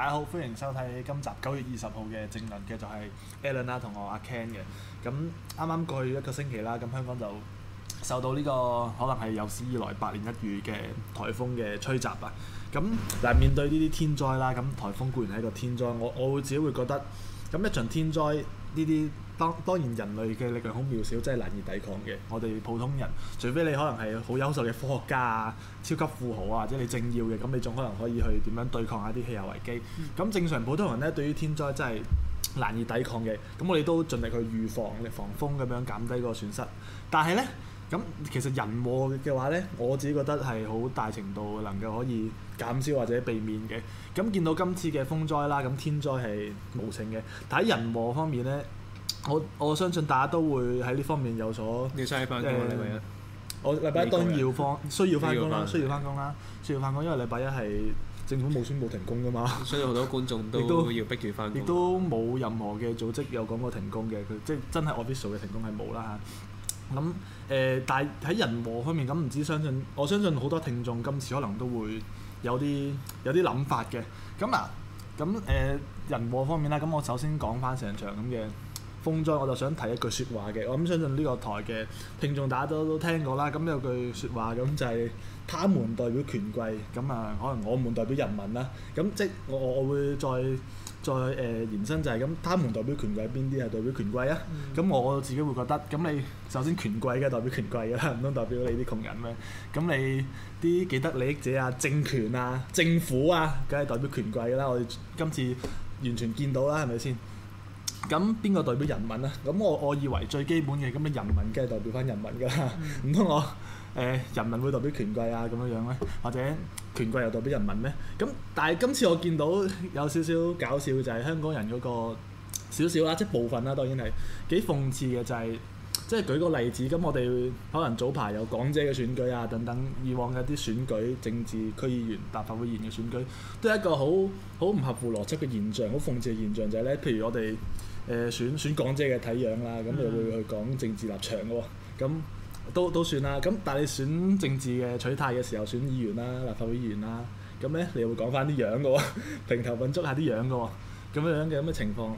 大家好，歡迎收睇今集九月二十號嘅政論嘅，就係 Allen 啦同我阿 Ken 嘅。咁啱啱過去一個星期啦，咁香港就受到呢個可能係有史以來百年一遇嘅颱風嘅吹襲啊。咁嗱，面對呢啲天災啦，咁颱風固然係一個天災，我我會自己會覺得，咁一場天災呢啲。當當然人類嘅力量好渺小，真係難以抵抗嘅。我哋普通人，除非你可能係好優秀嘅科學家啊、超級富豪啊，或者你政要嘅，咁你仲可能可以去點樣對抗下啲氣候危機。咁、嗯、正常普通人咧，對於天災真係難以抵抗嘅。咁我哋都盡力去預防、力防風咁樣減低個損失。但係呢，咁其實人禍嘅話呢，我自己覺得係好大程度能夠可以減少或者避免嘅。咁見到今次嘅風災啦，咁天災係無情嘅，但喺人禍方面呢。我我相信大家都會喺呢方面有所翻工呢位啊！我禮拜一當然要放需要翻工啦，啦，需要翻工啦，需要翻工，因為禮拜一係政府冇宣布停工噶嘛，所以好多觀眾都要逼佢翻工，亦都冇任何嘅組織有講過停工嘅。佢、嗯、即係真係 official 嘅停工係冇啦嚇。我諗、呃、但係喺人和方面咁唔知，相信我相信好多聽眾今次可能都會有啲有啲諗法嘅咁啊。咁誒、呃、人和方面啦，咁我首先講翻成場咁嘅。風災，我就想提一句説話嘅。我諗相信呢個台嘅聽眾大家都聽過啦。咁有句説話，咁就係他們代表權貴，咁啊可能我們代表人民啦。咁即我我會再再誒、呃、延伸就係咁，他們代表權貴，邊啲係代表權貴啊？咁、嗯、我自己會覺得，咁你首先權貴梗係代表權貴㗎啦，唔通代表你啲窮人咩？咁你啲既得利益者啊、政權啊、政府啊，梗係代表權貴㗎啦。我哋今次完全見到啦，係咪先？咁邊個代表人民啊？咁我我以為最基本嘅咁嘅人民梗係代表翻人民㗎啦，唔通、嗯、我誒、呃、人民會代表權貴啊咁樣樣咧？或者權貴又代表人民咩？咁但係今次我見到有少少搞笑嘅就係、是、香港人嗰個少少啦，即係部分啦、啊，當然係幾諷刺嘅，就係即係舉個例子，咁我哋可能早排有港姐嘅選舉啊，等等以往嘅一啲選舉、政治區議員、立法會議員嘅選舉，都係一個好好唔合乎邏輯嘅現象，好諷刺嘅現象就係、是、咧，譬如我哋。誒選選港姐嘅睇樣啦，咁你會去講政治立場嘅喎、哦，咁都都算啦。咁但係你選政治嘅取態嘅時候，選議員啦、立法會議員啦，咁咧你又會講翻啲樣嘅喎、哦，評頭品足下啲樣嘅喎、哦，咁樣樣嘅咁嘅情況。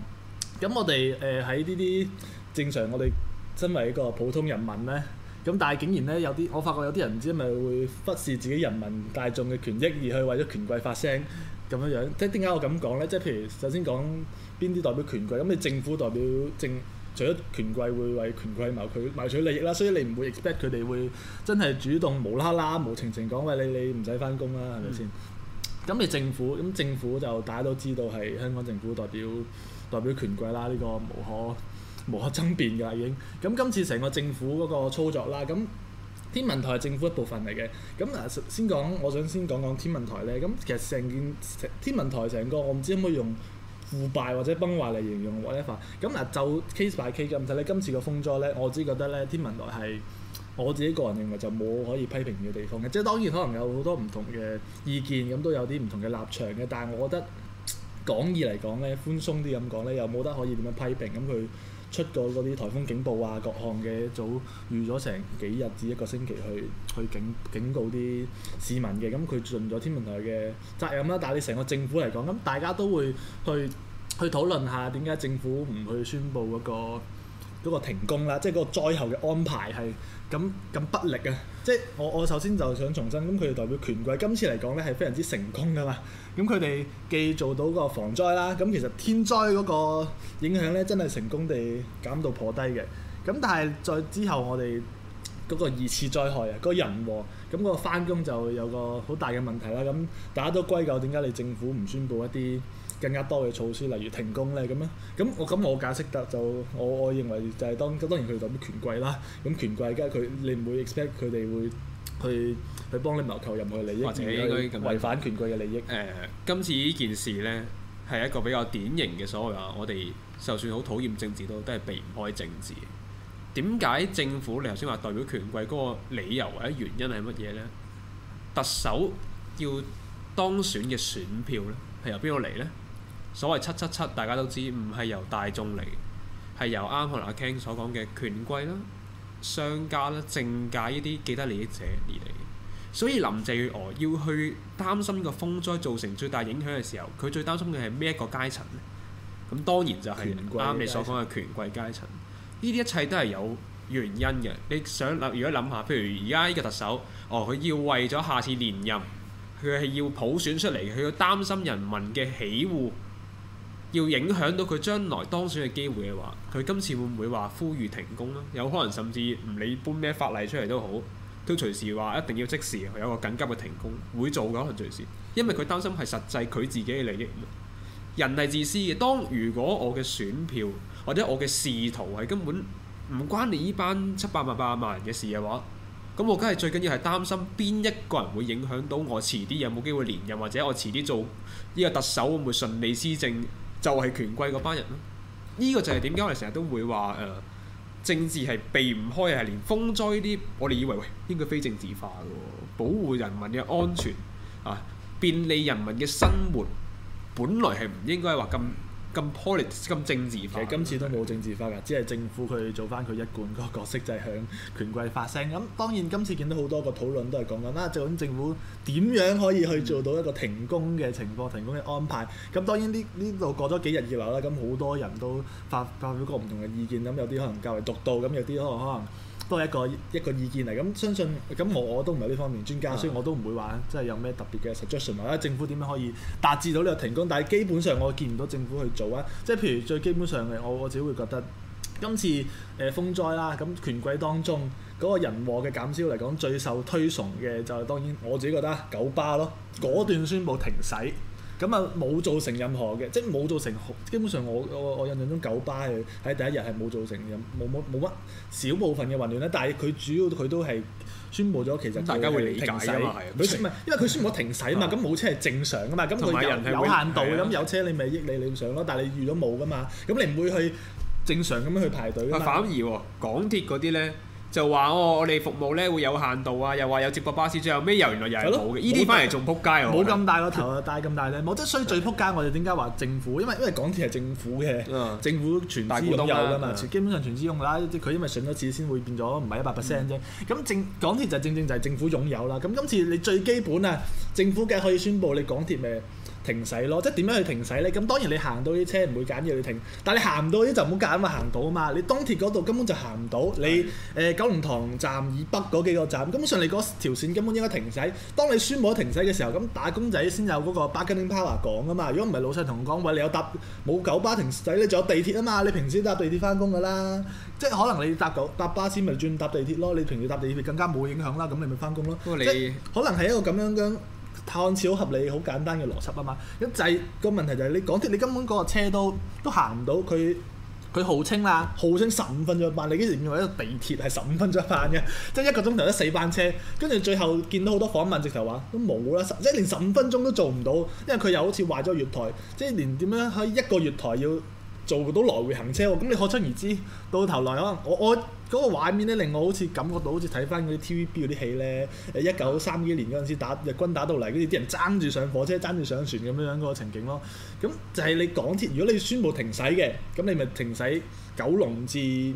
咁我哋誒喺呢啲正常，我哋身為一個普通人民咧，咁但係竟然咧有啲，我發覺有啲人唔知係咪會忽視自己人民大眾嘅權益，而去為咗權貴發聲咁樣樣。即係點解我咁講咧？即係譬如首先講。邊啲代表權貴？咁你政府代表政，除咗權貴會為權貴謀取謀取利益啦，所以你唔會 expect 佢哋會真係主動無啦啦、無情情講喂你，你唔使返工啦，係咪先？咁、嗯、你政府咁政府就大家都知道係香港政府代表代表權貴啦，呢、呢個無可無可爭辯㗎啦已經。咁、嗯、今次成個政府嗰個操作啦，咁、嗯、天文台係政府一部分嚟嘅。咁、嗯、啊，先講我想先講講天文台咧。咁、嗯、其實成件天文台成個，我唔知可唔可以用？腐敗或者崩壞嚟形容嗰一塊，咁嗱就 case by case 咁就咧。今次個風災咧，我只覺得咧天文台係我自己個人認為就冇可以批評嘅地方嘅，即係當然可能有好多唔同嘅意見，咁都有啲唔同嘅立場嘅，但係我覺得講義嚟講咧，寬鬆啲咁講咧，又冇得可以點樣批評咁佢。出過嗰啲颱風警報啊，各項嘅早預咗成幾日至一個星期去去警警告啲市民嘅，咁佢盡咗天文台嘅責任啦。但係你成個政府嚟講，咁大家都會去去討論下點解政府唔去宣佈嗰個。嗰個停工啦，即係嗰個災後嘅安排係咁咁不力啊！即係我我首先就想重申，咁佢哋代表權貴今次嚟講呢係非常之成功噶嘛。咁佢哋既做到個防災啦，咁其實天災嗰個影響呢真係成功地減到頗低嘅。咁但係再之後我哋嗰個二次災害啊，嗰個人禍咁個返工就有個好大嘅問題啦。咁大家都歸咎點解你政府唔宣佈一啲？更加多嘅措施，例如停工咧，咁樣咁我咁我解釋得就我我認為就係當當然佢代表權貴啦。咁權貴，梗係佢你唔會 expect 佢哋會去去幫你謀求任何利益，或者應該違反權貴嘅利益。誒，今次呢件事咧係一個比較典型嘅所謂話，我哋就算好討厭政治都都係避唔開政治。點解政府你頭先話代表權貴嗰個理由或者原因係乜嘢咧？特首要當選嘅選票咧係由邊度嚟咧？所謂七七七，大家都知唔係由大眾嚟嘅，係由啱啱阿 Ken 所講嘅權貴啦、商家啦、政界呢啲既得利益者而嚟。所以林鄭月娥要去擔心呢個風災造成最大影響嘅時候，佢最擔心嘅係咩一個階層呢？咁當然就係啱你所講嘅權貴階層。呢啲一切都係有原因嘅。你想諗，如果諗下，譬如而家呢個特首哦，佢要為咗下次連任，佢係要普選出嚟，佢要擔心人民嘅喜惡。要影響到佢將來當選嘅機會嘅話，佢今次會唔會話呼籲停工咧？有可能甚至唔理搬咩法例出嚟都好，都隨時話一定要即時有個緊急嘅停工會做嘅，可能隨時，因為佢擔心係實際佢自己嘅利益。人係自私嘅，當如果我嘅選票或者我嘅仕途係根本唔關你呢班七百萬八百萬人嘅事嘅話，咁我梗係最緊要係擔心邊一個人會影響到我遲啲有冇機會連任，或者我遲啲做呢個特首會唔會順利施政。就係權貴嗰班人咯，呢、呢個就係點解我哋成日都會話誒、呃、政治係避唔開，係連風災啲我哋以為喂應該非政治化嘅，保護人民嘅安全啊，便利人民嘅生活，本來係唔應該話咁。咁 politic 咁政治化，今次都冇政治化㗎，對只係政府佢做返佢一貫嗰個角色，就係、是、向權貴發聲。咁當然今次見到好多個討論都係講緊，啦、啊，就咁政府點樣可以去做到一個停工嘅情況、嗯、停工嘅安排？咁當然呢呢度過咗幾日以後啦，咁好多人都發發表過唔同嘅意見，咁有啲可能較為獨到，咁有啲可能可能。都係一個一個意見嚟，咁相信咁我我都唔係呢方面、嗯、專家，所以我都唔會話真係有咩特別嘅 suggestion 或者政府點樣可以達致到呢個停工，但係基本上我見唔到政府去做啊，即係譬如最基本上嘅，我我自己會覺得今次誒、呃、風災啦，咁權貴當中嗰、那個人禍嘅減少嚟講最受推崇嘅就係當然我自己覺得九巴咯，果斷宣布停駛。嗯咁啊，冇造成任何嘅，即係冇造成。基本上我我印象中九巴係喺第一日係冇造成任冇冇冇乜小部分嘅混亂咧。但係佢主要佢都係宣布咗，其實大家會理解啊嘛是因為佢宣布停駛啊嘛，咁冇的車係正常啊嘛。咁佢人有限度咁的有車，你咪益你，你要上咯。但係你遇到冇噶嘛，咁你唔會去正常咁樣去排隊啊。反而喎，港鐵嗰啲呢。就話哦，我哋服務咧會有限度啊，又話有接駁巴士，最後尾又原來又係冇嘅。呢啲翻嚟仲撲街，我冇咁大個頭啊，戴咁大隻，啊，冇得衰最撲街。我哋點解話政府？因為的因為港鐵係政府嘅。嗯、政府全資擁有㗎，啊、嘛，嗯、基本上全資擁啦，啊。佢、嗯嗯、因為上多次先會變咗唔係一百 percent 啫。咁政、嗯、港鐵就正正就係政府擁有啦。咁今次你最基本啊，政府嘅可以宣布你港鐵咪。停駛咯，即係點樣去停駛呢？咁當然你行到啲車唔會揀嘢去停，但係你行唔到嗰啲就唔好揀啊嘛，行到啊嘛。你東鐵嗰度根本就行唔到，你誒九龍塘站以北嗰幾個站，基本上你嗰條線根本應該停駛。當你宣佈停駛嘅時候，咁打工仔先有嗰個 bargaining power 講啊嘛。如果唔係老細同我講，餵你有搭冇九巴停駛咧，你仲有地鐵啊嘛。你平時搭地鐵翻工噶啦，即係可能你搭九搭巴士咪轉搭地鐵咯。你平時搭地鐵更加冇影響啦，咁你咪翻工咯。不過你可能係一個咁樣嘅。看似好合理、好簡單嘅邏輯啊嘛，一制個問題就係，你講啲，你根本嗰個車都都行唔到，佢佢號稱啦，號稱十五分鐘一班。你竟然認為 一個地鐵係十五分鐘一班嘅？即係一個鐘頭一四班車，跟住最後見到好多訪問，直頭話都冇啦，即係連十五分鐘都做唔到，因為佢又好似壞咗月台，即係連點樣喺一個月台要？做到來回行車喎，咁你可想而知，到頭來可能我我嗰、那個畫面咧令我好似感覺到好似睇翻嗰啲 TVB 嗰啲戲咧，一九三幾年嗰陣時打日軍打到嚟，嗰啲人爭住上火車、爭住上船咁樣樣嗰、那個情景咯。咁就係你港鐵，如果你宣布停駛嘅，咁你咪停駛九龍至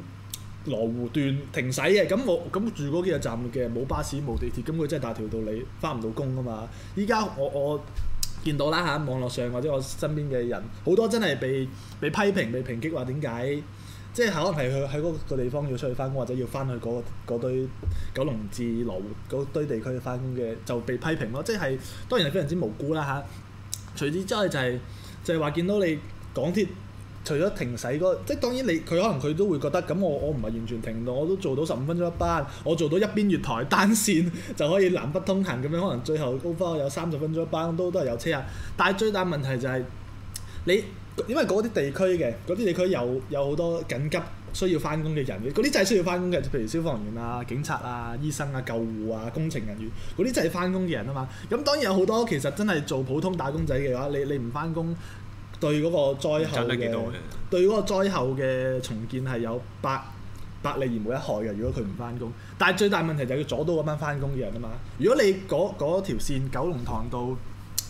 羅湖段停駛嘅。咁我咁住嗰幾個站嘅冇巴士冇地鐵，咁佢真係大條道理，翻唔到工噶嘛？依家我我。我見到啦嚇、啊，網絡上或者我身邊嘅人好多真係被被批評、被抨擊，話點解，即係可能係佢喺嗰個地方要出去翻工，或者要翻去嗰、嗰堆、嗰堆九龍至羅湖嗰堆地區翻工嘅，就被批評咯。即係當然係非常之無辜啦嚇、啊。除此之外就係、就係話見到你港鐵。除咗停駛嗰，即係當然你佢可能佢都會覺得咁，我我唔係完全停到，我都做到十五分鐘一班，我做到一邊月台單線就可以南北通行咁樣，可能最後高峯有三十分鐘一班都都係有車啊。但係最大問題就係你，因為嗰啲地區嘅嗰啲地區有有好多緊急需要翻工嘅人，嗰啲真係需要翻工嘅，譬如消防員啊、警察啊、醫生啊、救護啊、工程人員，嗰啲真係翻工嘅人啊嘛。咁當然有好多其實真係做普通打工仔嘅話，你你唔翻工。對嗰個災後嘅對嗰個災後嘅重建係有百百利而無一害嘅，如果佢唔翻工。但係最大問題就係要阻到嗰班翻工嘅人啊嘛。如果你嗰嗰條線九龍塘到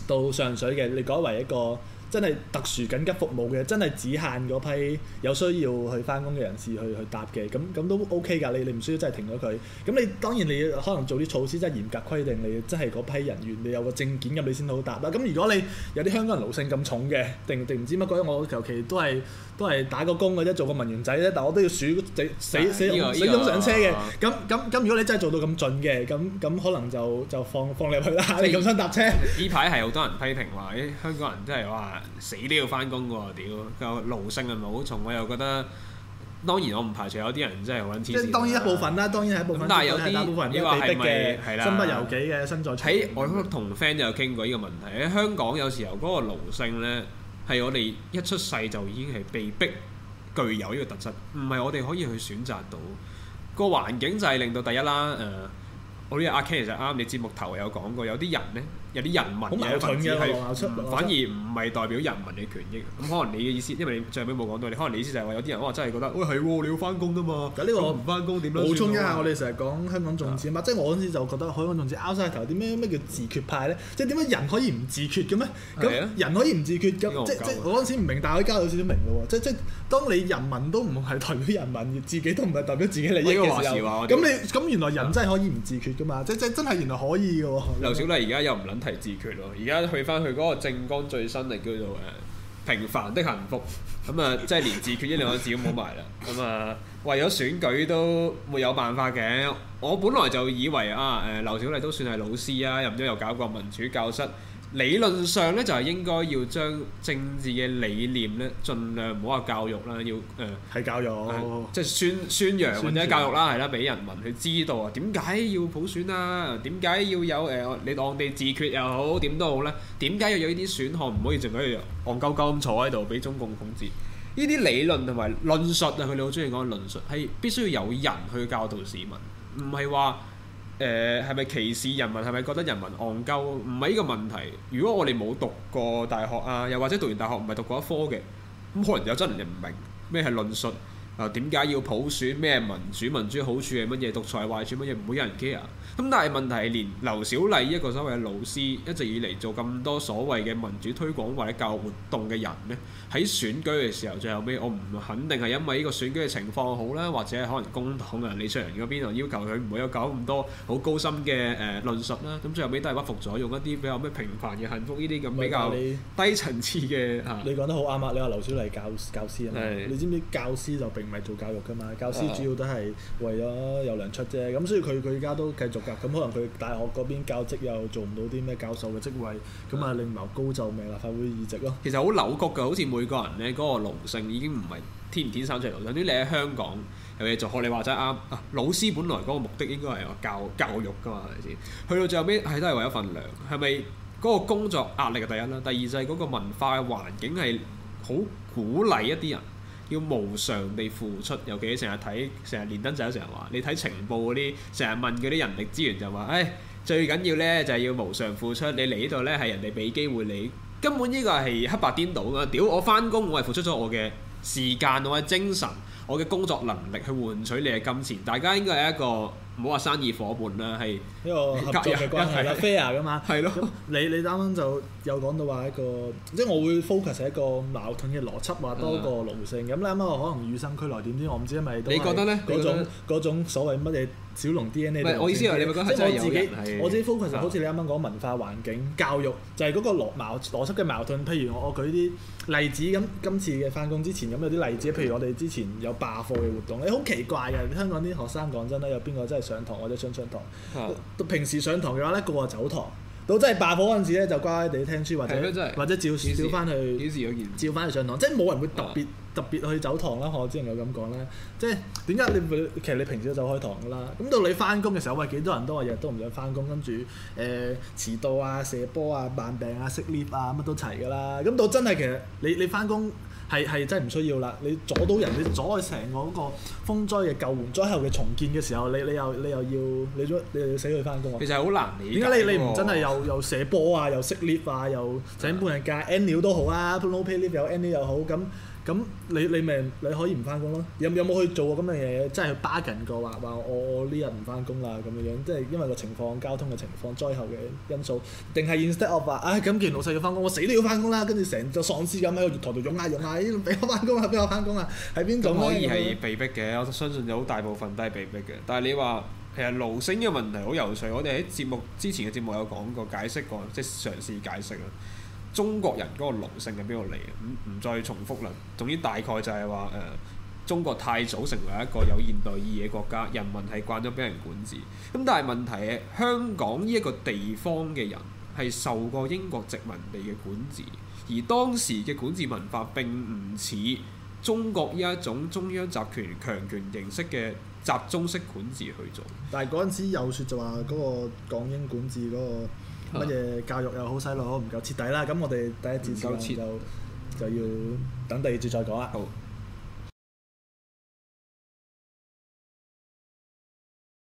到上水嘅，你改為一個，真係特殊緊急服務嘅，真係只限嗰批有需要去翻工嘅人士去去搭嘅，咁咁都 OK 㗎。你你唔需要真係停咗佢。咁你當然你可能做啲措施，真係嚴格規定你，你真係嗰批人員，你有個證件入你先好搭啦。咁如果你有啲香港人勞性咁重嘅，定定唔知乜鬼，我求其都係。都係打個工嘅啫，做個文員仔啫。但我都要鼠死死、啊、死死衝上車嘅。咁咁咁，如果你真係做到咁盡嘅，咁咁可能就就放放你入去啦。是你咁想搭車？依排係好多人批評話，誒香港人真係哇，死都要翻工喎！屌，個奴性係咪好重？我又覺得，當然我唔排除有啲人真係揾黐線。即係當然一部分啦，當然係一部分但，但係有啲你話係咪？係啦，身不由己嘅身在、欸。喺、欸、我同 friend 都有傾過依個問題。喺香港有時候嗰個奴性咧，係我哋一出世就已經係被逼具有呢個特質，唔係我哋可以去選擇到，個環境就係令到第一啦。誒、呃，我呢個阿 K 其實啱，你節目頭有講過，有啲人呢。有啲人民嘅反而唔係代表人民嘅權益，咁可能你嘅意思，因為你最後尾冇講到，你可能你意思就係話有啲人可真係覺得，喂係你要翻工㗎嘛？咁呢個唔翻工點？補充一下，我哋成日講香港眾志嘛，即係我嗰陣時就覺得香港眾志拗曬頭，啲咩咩叫自決派咧？即係點解人可以唔自決嘅咩？咁人可以唔自決咁？即即我嗰陣時唔明，但可以交到少少明嘞喎！即即當你人民都唔係代表人民，自己都唔係代表自己利益嘅時候，咁你咁原來人真係可以唔自決嘅嘛？即即真係原來可以嘅。劉小麗而家又唔撚係自決咯，而家去翻佢嗰個政綱最新嚟，叫做誒平凡的幸福咁啊，即係連自決呢兩個字都冇埋啦咁啊，為咗選舉都沒有辦法嘅。我本來就以為啊，誒劉小麗都算係老師啊，入咗又搞過民主教室。理論上咧就係、是、應該要將政治嘅理念咧，盡量唔好話教育啦，要誒係教育，即係宣宣揚或者教育啦，係啦著，俾人民去知道啊，點解要普選啊？點解要有誒、呃、你當地自決又好，點都好咧？點解要有呢啲選項？唔可以凈係戇鳩鳩咁坐喺度俾中共控制？呢啲理論同埋論述啊，佢哋好中意講嘅論述係必須要有人去教導市民，唔係話。誒係咪歧視人民？係咪覺得人民戇鳩？唔係呢個問題。如果我哋冇讀過大學啊，又或者讀完大學唔係讀過一科嘅，咁可能有真人係唔明咩係論述。啊點解要普選？咩民主？民主好處係乜嘢？獨裁壞處乜嘢？唔會有人 care。咁但係問題係，連劉小麗一個所謂老師，一直以嚟做咁多所謂嘅民主推廣或者教育活動嘅人咧，喺選舉嘅時候最後尾，我唔肯定係因為呢個選舉嘅情況好啦，或者可能工黨啊、李卓人嗰邊啊要求佢唔會有搞咁多好高深嘅誒論述啦。咁最後尾都係屈服咗，用一啲比較咩平凡嘅幸福呢啲咁比較低層次嘅你講、啊、得好啱啊！你話劉小麗教教師啊，的的你知唔知教師就唔係做教育噶嘛，教師主要都係為咗有糧出啫，咁、嗯、所以佢佢而家都繼續㗎，咁、嗯、可能佢大學嗰邊教職又做唔到啲咩教授嘅職位，咁啊另謀高就，咪立法會議席咯。其實好扭曲㗎，好似每個人咧嗰、那個奴性已經唔係天天生出來奴啲你喺香港有嘢做，學你話齋啱啊。老師本來嗰個目的應該係話教教育㗎嘛，係咪先？去到最後尾，係都係為咗份糧，係咪嗰個工作壓力嘅第一啦，第二就係嗰個文化環境係好鼓勵一啲人。要無償地付出，尤其成日睇，成日連登仔，成日話，你睇情報嗰啲，成日問嗰啲人力資源就話，唉，最緊要呢，就係要無償付出。你嚟呢度呢，係人哋俾機會你，根本呢個係黑白顛倒㗎。屌，我翻工，我係付出咗我嘅時間，我嘅精神，我嘅工作能力去換取你嘅金錢。大家應該係一個唔好話生意伙伴啦，係一個合作嘅關係。 fair 㗎嘛，係咯， 你你啱啱就。有講到話一個，即係我會 focus 一個矛盾嘅邏輯話多過奴性。咁啱啱可能與生俱來點知我唔知是是是，因為你覺得咧嗰種，種所謂乜嘢小龍 DNA？唔我意思係你咪講係真係有我自己 focus 好似你啱啱講文化環境、教育，就係、是、嗰個邏矛邏輯嘅矛盾。譬如我我舉啲例子咁，今次嘅返工之前咁有啲例子，譬如我哋之前有罷課嘅活動，你、欸、好奇怪嘅。香港啲學生講真咧，有邊個真係上堂或者想上堂？嗯、平時上堂嘅話咧，個個走堂。到真係爆火嗰陣時咧，就乖乖哋聽書，或者的或者照少少翻去，有照翻去上堂，即係冇人會特別、啊、特別去走堂啦。我只能夠咁講啦，即係點解你會其實你平時都走開堂噶啦？咁到你翻工嘅時候，喂，幾多人都話日日都唔想翻工，跟住誒遲到啊、射波啊、扮病啊、sleep 啊乜都齊㗎啦。咁到真係其實你你翻工。係係真係唔需要啦！你阻到人，你阻喺成個嗰個風災嘅救援、災後嘅重建嘅時候，你你又你又要你做你要死佢翻工。其實好難理解，點解你你唔真係又又射波啊，又熄 lift 啊，又整半日架 end 料都好啊 p l o p a y leave 有 end 又好咁、啊。咁你你咪你可以唔翻工咯？有有冇去做咁嘅嘢？即係去 bargain 過話話我我呢日唔翻工啦咁樣樣，即係因為個情況、交通嘅情況、災後嘅因素，定係 instead of 話唉，咁既然老細要翻工，我死都要翻工啦。跟住成隻喪屍咁喺個月台度擁壓擁壓，依俾我翻工啊，俾我翻工啊，喺邊度？咁可以係被逼嘅，我相信有好大部分都係被逼嘅。但係你話其實勞星嘅問題好油水，我哋喺節目之前嘅節目有講過、解釋過，即係嘗試解釋啦。中國人嗰個奴性喺邊度嚟啊？唔唔再重複啦。總之大概就係話誒，中國太早成為一個有現代意義嘅國家，人民係慣咗俾人管治。咁但係問題係香港呢一個地方嘅人係受過英國殖民地嘅管治，而當時嘅管治文化並唔似中國呢一種中央集權強權形式嘅集中式管治去做。但係嗰陣時有説就話嗰個港英管治嗰、嗰個。乜嘢教育又好細路好唔夠徹底啦，咁我哋第一節就就要等第二節再講啦。